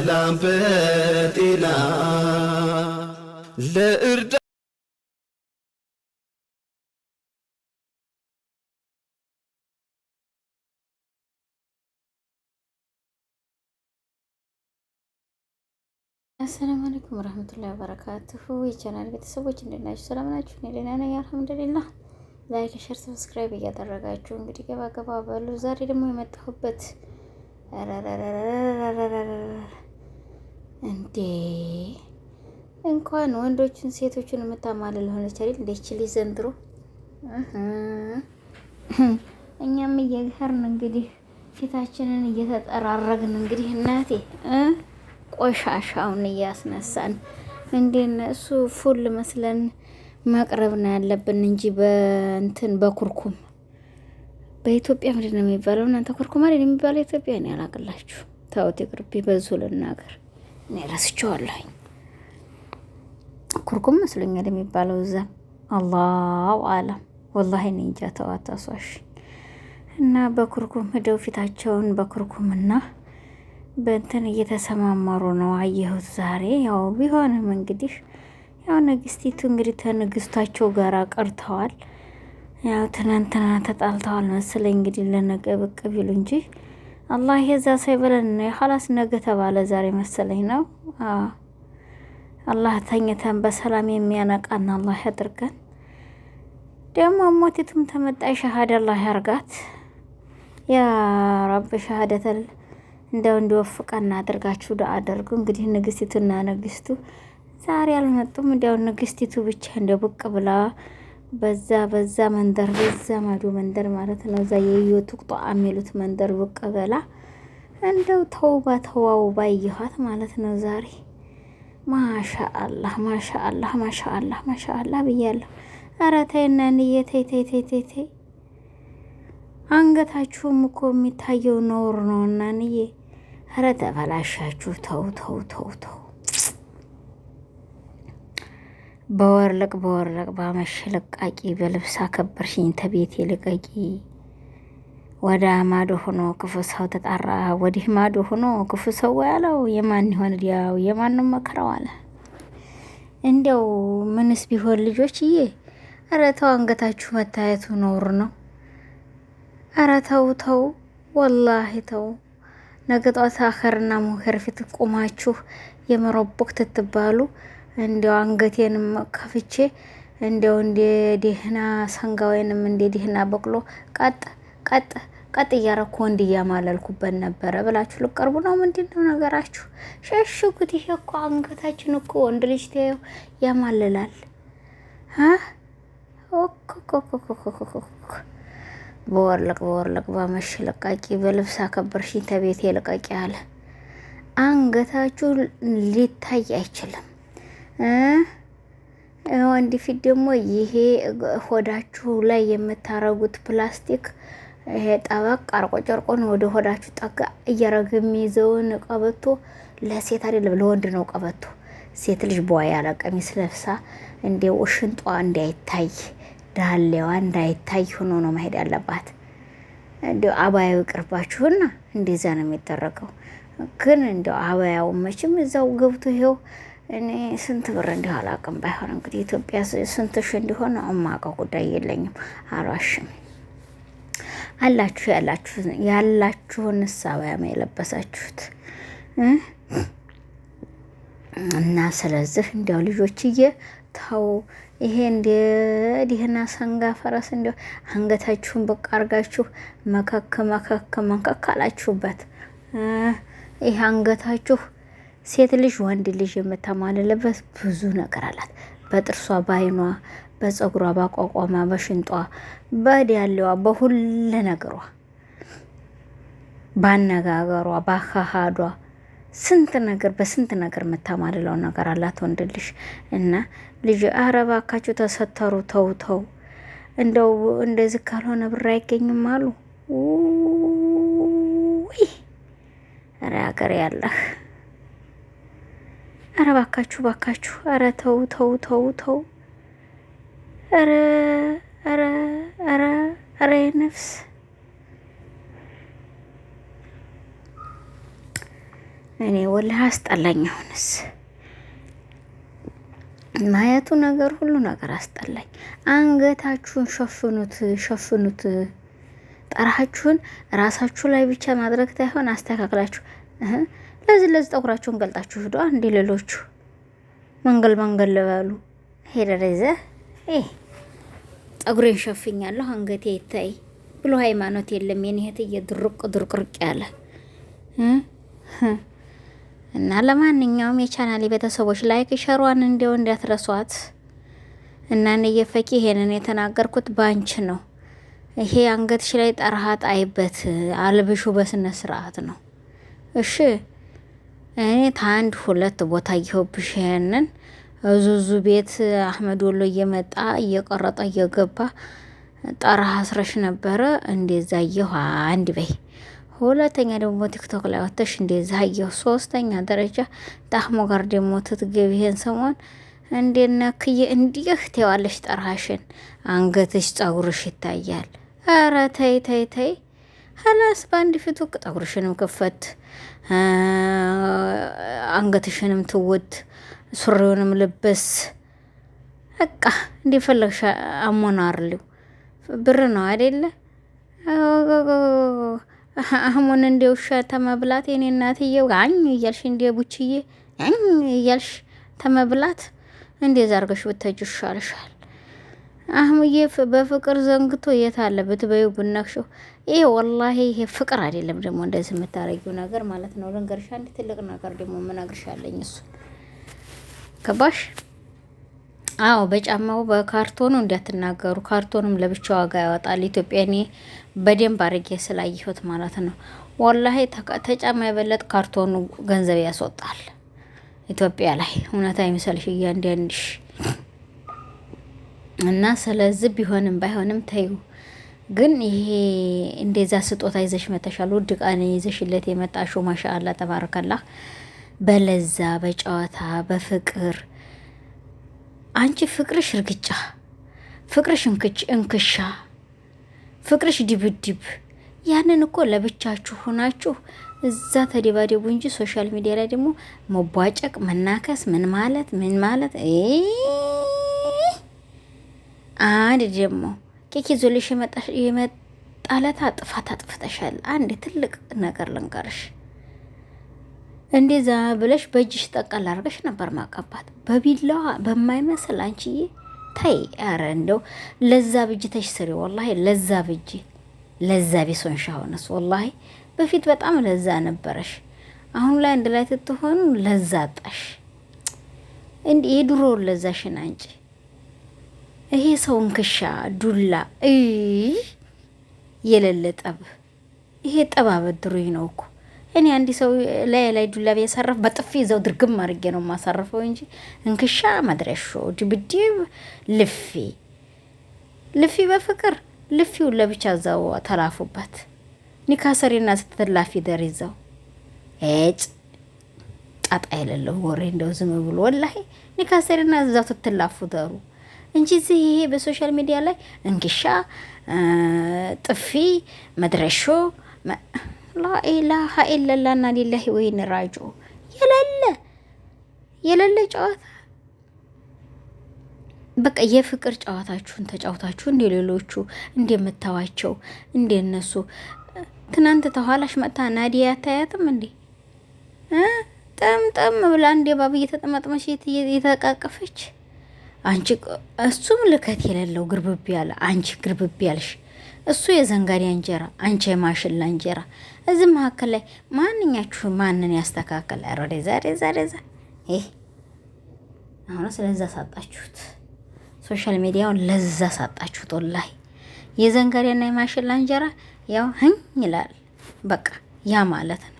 በሰላም በጤና ለእርዳ አሰላሙ አለይኩም ወራህመቱላሂ ወበረካቱሁ የቻናል ቤተሰቦች እንደምን ናችሁ? ሰላም ናችሁ? እኔ ደህና ነኝ አልሐምዱሊላህ። ላይክ፣ ሸር፣ ሰብስክራይብ እያደረጋችሁ እንግዲህ ገባ ገባ በሉ። ዛሬ ደግሞ የመጣሁበት እንዴ እንኳን ወንዶችን ሴቶችን የምታማልል ሆነች አይደል? ዘንድሮ እኛም እየገርን እንግዲህ ፊታችንን እየተጠራረግን እንግዲህ እናቴ ቆሻሻውን እያስነሳን እንዴን እሱ ፉል መስለን መቅረብ ነው ያለብን እንጂ በእንትን በኩርኩም በኢትዮጵያ ምንድን ነው የሚባለው? እናንተ ኩርኩም አይደል የሚባለው? ኢትዮጵያ ነው ያላቅላችሁ። ይቅርብ በዙ ልናገር እኔ ረስቼዋለሁኝ። ኩርኩም መስሎኛል የሚባለው እዛ አላሁ አለም። ወላሂ እኔ እንጃ ተዋት እና በኩርኩም ሂደው ፊታቸውን በኩርኩምና በእንትን እየተሰማመሩ ነው አየሁት ዛሬ። ያው ቢሆንም እንግዲህ ያው ንግስቲቱ እንግዲህ ተንግስታቸው ጋር ቀርተዋል። ያው ትናንትና ተጣልተዋል መሰለኝ እንግዲህ ለነገ ብቅ ቢሉ እንጂ አላህ የዛ ሳይበለን ነው የኋላስ ነገ ተባለ ዛሬ መሰለኝ ነው። አላህ ተኝተን በሰላም የሚያነቃን አላህ ያድርገን። ደግሞ ሞቲቱም ተመጣይ ሸሃዳ አላህ ያርጋት። ያ ረብ ሸሃደተል እንደው እንዲወፍቀና አድርጋችሁ ዳ አደርጉ። እንግዲህ ንግስቲቱና ንግስቱ ዛሬ አልመጡም። እንዲያው ንግስቲቱ ብቻ እንደ ብቅ ብላ በዛ በዛ መንደር በዛ ማዶ መንደር ማለት ነው። እዛ ቁጣ የሚሉት መንደር ብቅ በላ እንደው ተውባ ተዋውባ እየኋት ማለት ነው። ዛሬ ማሻአላህ ማሻአላህ ማሻአላህ ማሻአላህ ብያለሁ። ኧረ ተይ እናንዬ ተይ ተይ ተይ ተይ ተይ። አንገታችሁም እኮ የሚታየው ነውር ነው እናንዬ። ኧረ ተበላሻችሁ። ተው ተው ተው ተው በወርልቅ በወርልቅ ባመሽ በልብስ አከበርሽኝ ተቤቴ ልቀቂ። ወደ ማዶ ሆኖ ክፉ ሰው ተጣራ ወዲህ ማዶ ሆኖ ክፉ ሰው ያለው የማን ይሆን ዲያው የማንም መከራው አለ። እንዲያው ምንስ ቢሆን ልጆችዬ፣ ኧረ ተው አንገታችሁ መታየቱ ኖር ነው። ኧረ ተው ተው፣ ወላሂ ተው። ነገ ጧት አኸርና ሙንከር ፊት ቁማችሁ የመረቦክ ትትባሉ እንዲያው አንገቴንም ከፍቼ እንዲያው እንደ ደህና ሰንጋ ወይንም እንደ ደህና በቅሎ ቀጥ ቀጥ ቀጥ እያረኩ ወንድ እያማለልኩበት ነበረ ብላችሁ ልቀርቡ ነው። ምንድን ነው ነገራችሁ? ሸሽጉት። ይሄ እኮ አንገታችን እኮ ወንድ ልጅ ተየው ያማልላል። በወርልቅ በወርልቅ በመሽ ለቃቂ በልብስ አከበርሽኝ ተቤቴ ልቀቂ አለ። አንገታችሁ ሊታይ አይችልም። ወንድ ፊት ደግሞ ይሄ ሆዳችሁ ላይ የምታረጉት ፕላስቲክ ይሄ ጠበቅ አርቆ ጨርቆን ወደ ሆዳችሁ ጠጋ እያረገ የሚይዘውን ቀበቶ ለሴት አይደለም ለወንድ ነው ቀበቶ። ሴት ልጅ በዋ ያለ ቀሚስ ለብሳ እንዲው ሽንጧ እንዳይታይ ዳሌዋ እንዳይታይ ሆኖ ነው መሄድ ያለባት። እንዲው አባያው ቅርባችሁና እንደዛ ነው የሚደረገው። ግን እንዲው አባያው መቼም እዛው ገብቶ ይሄው እኔ ስንት ብር እንዲሁ አላውቅም። ባይሆን እንግዲህ ኢትዮጵያ ስንት ሺ እንዲሆን እማውቀው ጉዳይ የለኝም። አሏሽም አላችሁ ያላችሁን እሳባያም የለበሳችሁት እና ስለዚህ እንዲያው ልጆችዬ ተው። ይሄ እንደ ዲህና ሰንጋ ፈረስ እንዲ አንገታችሁን ብቅ አርጋችሁ መከክ መከክ መንከክ አላችሁበት ይህ አንገታችሁ ሴት ልጅ ወንድ ልጅ የምታማልልበት ብዙ ነገር አላት። በጥርሷ፣ በአይኗ፣ በጸጉሯ፣ በቋቋማ፣ በሽንጧ፣ ያለዋ በሁለ ነገሯ፣ በአነጋገሯ፣ በአካሃዷ ስንት ነገር በስንት ነገር የምታማልለው ነገር አላት ወንድ ልጅ እና ልጅ አረ ተሰተሩ፣ ተውተው እንደው እንደዚህ ካልሆነ ብር አይገኝም አሉ። ኧረ ሀገር ያለህ አረ ባካችሁ ባካችሁ፣ አረ ተው ተው ተው ተው፣ አረ አረ አረ አረ ነፍስ እኔ ወላሂ አስጠላኝ። አሁንስ ማየቱ ነገር ሁሉ ነገር አስጠላኝ። አንገታችሁን ሸፍኑት ሸፍኑት፣ ጠራችሁን ራሳችሁ ላይ ብቻ ማድረግ ሳይሆን አስተካክላችሁ ለዚህ ለዚህ ጠጉራቸውን ገልጣችሁ ሂዶ እንደ ሌሎቹ መንገል መንገል ልበሉ ሄደረዘ ይህ ጠጉሬን ሸፍኛለሁ አንገቴ ይታይ ብሎ ሃይማኖት የለም የኔ እህትዬ ድርቅ ድርቅርቅ ያለ እና ለማንኛውም የቻናሌ ቤተሰቦች ላይክ ሸሯን እንዲያው እንዳትረሷት እና እየፈቂ ይሄንን የተናገርኩት ባንች ነው። ይሄ አንገትሽ ላይ ጠርሃ ጣይበት አልብሹ በስነ ስርዓት ነው እሺ። እኔ ታንድ ሁለት ቦታ እየሆብሽ ያንን ዙዙ ቤት አህመድ ወሎ እየመጣ እየቆረጠ እየገባ ጠራህ አስረሽ ነበረ። እንደዛ አየሁ። አንድ በይ ሁለተኛ ደግሞ ቲክቶክ ላይ ወተሽ እንደዛ አየሁ። ሶስተኛ ደረጃ ጣህሞ ጋር ደግሞ ትትገቢህን ሰሞን እንዴነክየ እንዲህ ትዋለሽ። ጠራሽን አንገትሽ፣ ጸጉርሽ ይታያል። ኧረ ተይ ተይ ተይ ሀላስ በአንድ ፊቱ ጠጉርሽንም ክፈት፣ አንገትሽንም ትውት፣ ሱሪውንም ልበስ። በቃ እንደፈለግሽ አሞናርሊው ብር ነው አይደለ? አህሙን እንደ ውሻ ተመብላት የኔ እናትዬ አኝ እያልሽ እንደ ቡችዬ አኝ እያልሽ ተመብላት እንደዛ አርገሽ ብትሄጂ ይሻልሻል። አህሙዬ በፍቅር ዘንግቶ የት አለ ብትበይው ብነክሽው ይሄ ወላሂ ይሄ ፍቅር አይደለም። ደግሞ እንደዚህ የምታረጊው ነገር ማለት ነው። ልንገርሽ አንድ ትልቅ ነገር ደግሞ ምነግርሻለኝ እሱ ገባሽ? አዎ በጫማው በካርቶኑ እንዳትናገሩ። ካርቶኑም ለብቻ ዋጋ ያወጣል። ኢትዮጵያ እኔ በደንብ አድርጌ ስላየሁት ማለት ነው። ወላሂ ተጫማ የበለጥ ካርቶኑ ገንዘብ ያስወጣል ኢትዮጵያ ላይ እውነት አይምሰልሽ እያንዳንድሽ እና ስለዚህ ቢሆንም ባይሆንም ተይው ግን ይሄ እንደዛ ስጦታ ይዘሽ መተሻል። ውድ ቃን ይዘሽለት የመጣሽው ማሻአላ ተባረከላ። በለዛ በጨዋታ በፍቅር አንቺ ፍቅርሽ እርግጫ፣ ፍቅርሽ እንክች እንክሻ፣ ፍቅርሽ ድብድብ። ያንን እኮ ለብቻችሁ ሆናችሁ እዛ ተደባደቡ እንጂ ሶሻል ሚዲያ ላይ ደግሞ መቧጨቅ፣ መናከስ፣ ምን ማለት ምን ማለት አንድ ደግሞ ኬክ ይዞልሽ የመጣለታ ጥፋት አጥፍተሻል። አንድ ትልቅ ነገር ልንገርሽ፣ እንደዛ ብለሽ በእጅሽ ጠቀል አድርገሽ ነበር ማቀባት በቢላዋ በማይመስል አንቺዬ። ታይ አረ እንደው ለዛ ብጅተሽ ስሪ ወላሂ፣ ለዛ ብጅ ለዛ ቢሶንሻ ሆነስ ወላሂ። በፊት በጣም ለዛ ነበረሽ፣ አሁን ላይ አንድ ላይ ትትሆኑ ለዛ ጣሽ እንዲ የድሮውን ለዛሽን አንጭ ይሄ ሰውን እንክሻ ዱላ የሌለ ጠብ፣ ይሄ ጠብ አበድሮኝ ነው እኮ እኔ አንድ ሰው ላይ ላይ ዱላ ቢያሳረፍ በጥፊ ይዘው ድርግም አድርጌ ነው የማሳረፈው እንጂ እንክሻ፣ መድረሾ፣ ድብድብ፣ ልፊ ልፊ በፍቅር ልፊው ለብቻ እዛው ተላፉበት። ኒካሰሪና ስትላፊ ደር ይዘው ጭ ጣጣ የሌለው ወሬ እንደው ዝም ብሎ ወላሂ ኒካሰሪና እዛው ትትላፉ ደሩ እንጂ እዚህ ይሄ በሶሻል ሚዲያ ላይ እንግሻ፣ ጥፊ፣ መድረሾ ላኢላሀ ኢለላና ሊላሂ ወይን ራጁ የለለ የለለ ጨዋታ በቃ የፍቅር ጨዋታችሁን ተጫውታችሁ እንደ ሌሎቹ እንደምታዋቸው እንደነሱ ትናንት ተኋላሽ መጥታ ናዲያ አታያትም እንዴ? ጥምጥም ብላ እንደ ባብ እየተጠመጥመች የተቃቀፈች አንቺ እሱም ልከት የሌለው ግርብብ ያለ አንቺ ግርብብ ያልሽ እሱ የዘንጋሪ እንጀራ አንቺ የማሽላ እንጀራ። እዚህ መካከል ላይ ማንኛችሁ ማንን ያስተካከል? ሮዴ ዛሬ ዛሬ ዛ ይህ አሁን ስለዛ ሳጣችሁት ሶሻል ሚዲያውን ለዛ ሳጣችሁት። ወላሂ የዘንጋዳና የማሽላ እንጀራ ያው ህኝ ይላል። በቃ ያ ማለት ነው።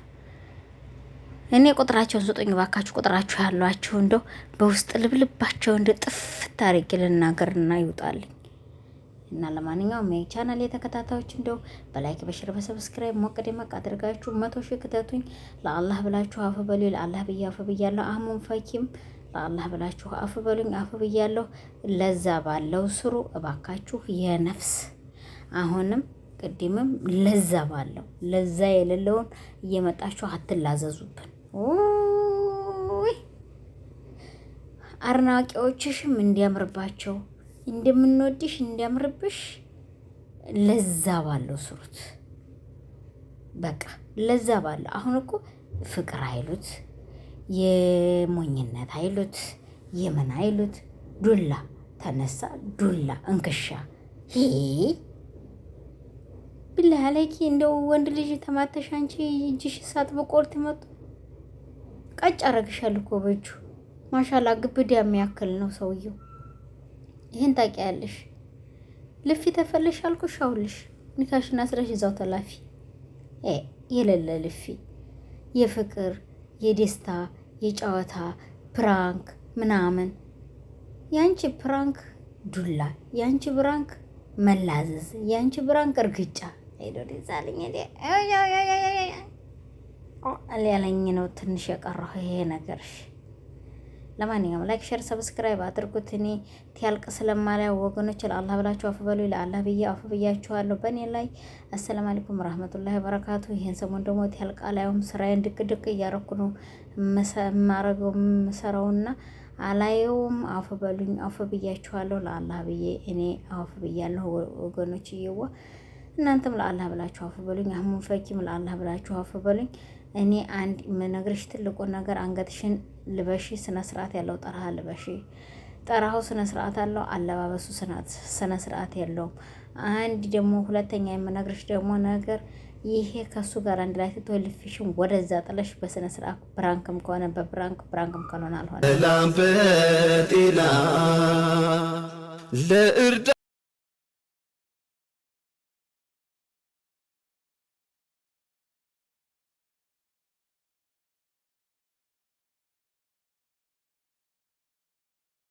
እኔ ቁጥራቸውን ስጡኝ ባካችሁ፣ ቁጥራችሁ ያሏችሁ እንደው በውስጥ ልብልባቸው እንደ ጥፍት አድርጌ ልናገርና ይውጣልኝ እና ለማንኛውም የቻናል የተከታታዮች እንደው በላይክ በሽር በሰብስክራይብ ሞቅ ደመቅ አድርጋችሁ መቶ ሺህ ክተቱኝ። ለአላህ ብላችሁ አፍ በሉ። ለአላህ ብዬ አፍ ብያለሁ። አህሙን ፈኪም ለአላህ ብላችሁ አፍ በሉኝ፣ አፍ ብያለሁ። ለዛ ባለው ስሩ እባካችሁ የነፍስ አሁንም ቅድምም ለዛ ባለው ለዛ የሌለውን እየመጣችሁ አትላዘዙብን። ውይ አድናቂዎችሽም እንዲያምርባቸው እንደምንወድሽ እንዲያምርብሽ ለዛ ባለው ስሩት። በቃ ለዛ ባለው አሁን እኮ ፍቅር አይሉት የሞኝነት አይሉት የምን አይሉት ዱላ ተነሳ ዱላ እንክሻ ይሄ ብለህ አለኪ እንደው ወንድ ልጅ ተማተሽ አንቺ እጅሽ እሳት በቆርት ቀጭ አረግሻል እኮ በእጁ ማሻላ ግብድ የሚያክል ነው ሰውየው። ይህን ታውቂያለሽ። ልፊ ተፈለሽ አልኩሽ አውልሽ ኒካሽን አስረሽ ይዛው ተላፊ የሌለ ልፊ የፍቅር የደስታ የጨዋታ ፕራንክ ምናምን ያንቺ ፕራንክ ዱላ፣ ያንቺ ፕራንክ መላዘዝ፣ ያንቺ ፕራንክ እርግጫ ሄዶ ዛልኝ ሊያለኝ ነው ትንሽ የቀረሁ ይሄ ነገርሽ። ለማንኛውም ላይክ፣ ሼር፣ ሰብስክራይብ አድርጉት። እኔ ቲያልቅ ስለማላ ወገኖች ለአላህ ብላችሁ አፍ በሉ። ለአላህ ብዬ አፍ ብያችኋለሁ በእኔ ላይ። አሰላም አለይኩም ረህመቱላሂ በረካቱ። ይሄን ሰሞን ደግሞ ቲያልቃ ላይም ስራዬን ድቅ ድቅ እያረኩ ነው የማረገው የምሰራውና አላየውም። አፍ በሉኝ፣ አፍ ብያችኋለሁ። ለአላህ ብዬ እኔ አፍ ብያለሁ ወገኖች እየዋ እናንተም ለአላህ ብላችሁ አፍ በሉኝ። አህሙን ፈኪም ለአላህ ብላችሁ አፍ በሉኝ። እኔ አንድ የምነግርሽ ትልቁ ነገር አንገትሽን ልበሺ፣ ስነስርዓት ያለው ጠርሃ ልበሺ። ስነ ስነስርዓት አለው፣ አለባበሱ ስነስርዓት ያለውም። አንድ ደግሞ ሁለተኛ የምነግርሽ ደግሞ ነገር ይሄ ከሱ ጋር አንድ ላይ ትቶ ወደዛ ጥለሽ ስርዓት ብራንክም ከሆነ በብራንክ ብራንክም ከሆነ አልሆነ